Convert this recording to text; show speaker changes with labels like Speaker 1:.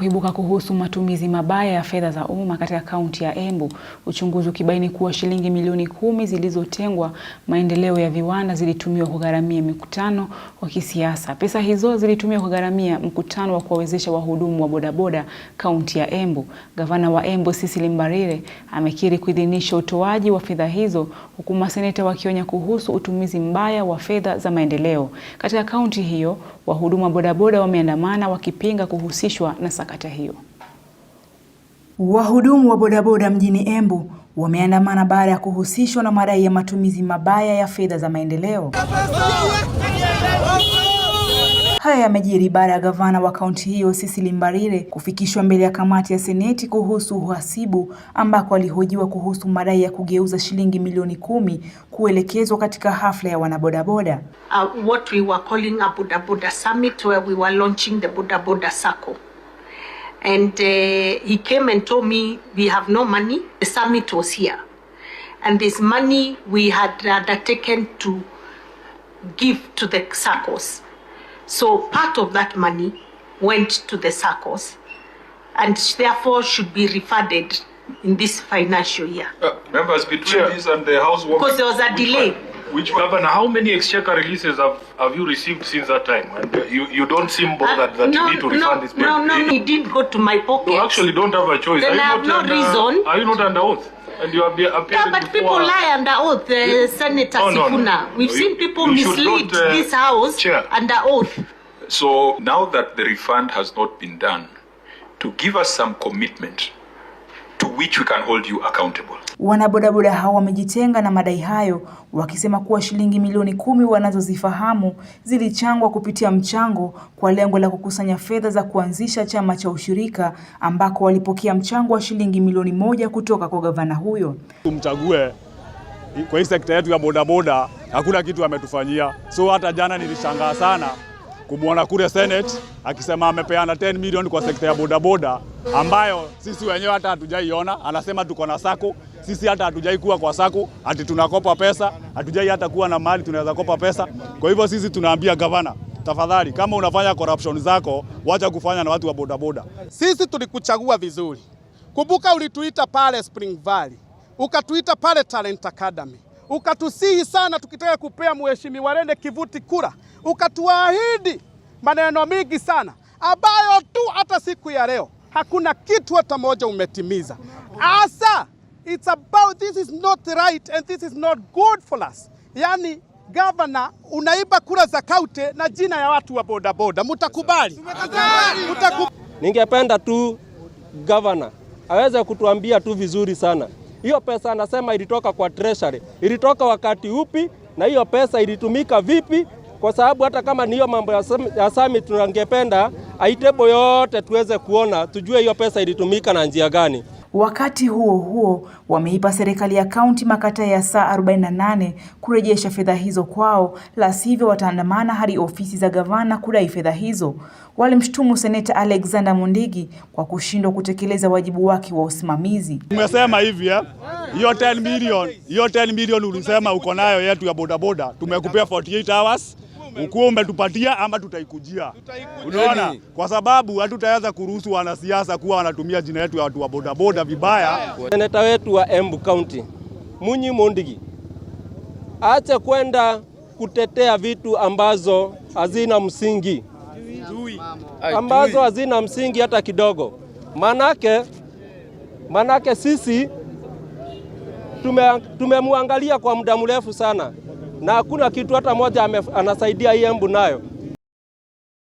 Speaker 1: Kuibuka kuhusu matumizi mabaya ya fedha za umma katika kaunti ya Embu, uchunguzi ukibaini kuwa shilingi milioni kumi zilizotengwa maendeleo ya viwanda zilitumiwa kugharamia mikutano wa kisiasa. Pesa hizo zilitumiwa kugharamia mkutano wa kuwawezesha wahudumu wa bodaboda kaunti ya Embu. Gavana wa Embu Cecily Mbarire amekiri kuidhinisha utoaji wa fedha hizo, huku maseneta wakionya kuhusu utumizi mbaya wa fedha za maendeleo katika kaunti hiyo. Wahuduma bodaboda wameandamana wakipinga kuhusishwa na sakata hiyo. Wahudumu wa bodaboda mjini Embu wameandamana baada ya kuhusishwa na madai ya matumizi mabaya ya fedha za maendeleo. Haya yamejiri baada ya gavana wa kaunti hiyo Cecily Mbarire kufikishwa mbele ya kamati ya seneti kuhusu uhasibu, ambako alihojiwa kuhusu madai ya kugeuza shilingi milioni kumi kuelekezwa katika hafla ya wanabodaboda.
Speaker 2: Uh, what we were calling a Buddha Buddha summit where we were launching the Buddha Buddha Sacco and uh, he came and told me we have no money the summit was here and this money we had undertaken to give to the circles. So part of that money went to the SACCOs and therefore should be refunded in this financial year.
Speaker 3: Uh, members, between sure. this and the housewarming...
Speaker 2: Because there was a which delay.
Speaker 3: Which Governor, how many exchequer releases have, have you received since that time? And you, you don't seem uh, bothered uh, that no, you need to refund no, this
Speaker 2: money. No, no, it, it didn't go to my pocket.
Speaker 3: You actually don't have a choice.
Speaker 2: Then are you I have not no under, reason.
Speaker 3: Are you not under oath? and you have yeah, but before. Uh,
Speaker 2: people lie under oath, eh, uh, Senator oh, no, Sifuna. No. We've you, seen people mislead not, uh, this house chair. under oath.
Speaker 3: So now that the refund has not been done, to give us some commitment to which we can hold you accountable.
Speaker 1: Wanabodaboda hao wamejitenga na madai hayo wakisema kuwa shilingi milioni kumi wanazozifahamu zilichangwa kupitia mchango kwa lengo la kukusanya fedha za kuanzisha chama cha ushirika ambako walipokea mchango wa shilingi milioni moja kutoka kwa gavana huyo.
Speaker 4: Tumchague kwa hii sekta yetu ya bodaboda, hakuna kitu ametufanyia. So hata jana nilishangaa sana kumwona kule Senate akisema amepeana 10 milioni kwa sekta ya bodaboda ambayo sisi wenyewe hata hatujaiona. Anasema tuko na sako, sisi hata hatujai kuwa kwa sako, ati tunakopa pesa, hatujai hata kuwa na mali tunaweza kopa pesa. Kwa hivyo sisi tunaambia gavana, tafadhali, kama unafanya corruption zako, wacha kufanya na watu wa bodaboda. Sisi tulikuchagua vizuri. Kumbuka, ulituita pale Spring Valley, ukatuita pale Talent Academy ukatusihi sana tukitaka kupea mheshimiwa Rende Kivuti kura, ukatuahidi maneno mingi sana ambayo tu hata siku ya leo hakuna kitu hata moja umetimiza. Asa, it's about this is not right and this is not good for us. Yani gavana unaiba kura za kaunti na jina ya watu wa bodaboda, mutakubali?
Speaker 5: Ningependa tu gavana aweze kutuambia tu vizuri sana hiyo pesa anasema ilitoka kwa treasury. Ilitoka wakati upi na hiyo pesa ilitumika vipi? Kwa sababu hata kama ni hiyo mambo ya sami, tunangependa aitebo yote tuweze kuona, tujue hiyo pesa ilitumika na njia gani.
Speaker 1: Wakati huo huo, wameipa serikali ya kaunti makata ya saa 48 kurejesha fedha hizo kwao, la sivyo wataandamana hadi ofisi za gavana kudai fedha hizo. Walimshutumu seneta Alexander Mundigi kwa kushindwa kutekeleza wajibu wake wa usimamizi.
Speaker 6: Umesema hivi eh? Hiyo 10 million, hiyo 10 million ulisema uko nayo yetu ya bodaboda, tumekupea 48 hours ukuombe tupatia ama tutaikujia, unaona, yaani- kwa sababu hatutaanza kuruhusu wanasiasa kuwa wanatumia jina yetu ya watu wa bodaboda vibaya.
Speaker 7: Seneta wetu wa Embu County Munyi Mondigi acha kwenda kutetea vitu ambazo hazina msingi, ambazo hazina msingi hata kidogo. Manake, manake sisi tumemwangalia tume kwa muda mrefu sana na hakuna kitu hata moja anasaidia hii Embu nayo.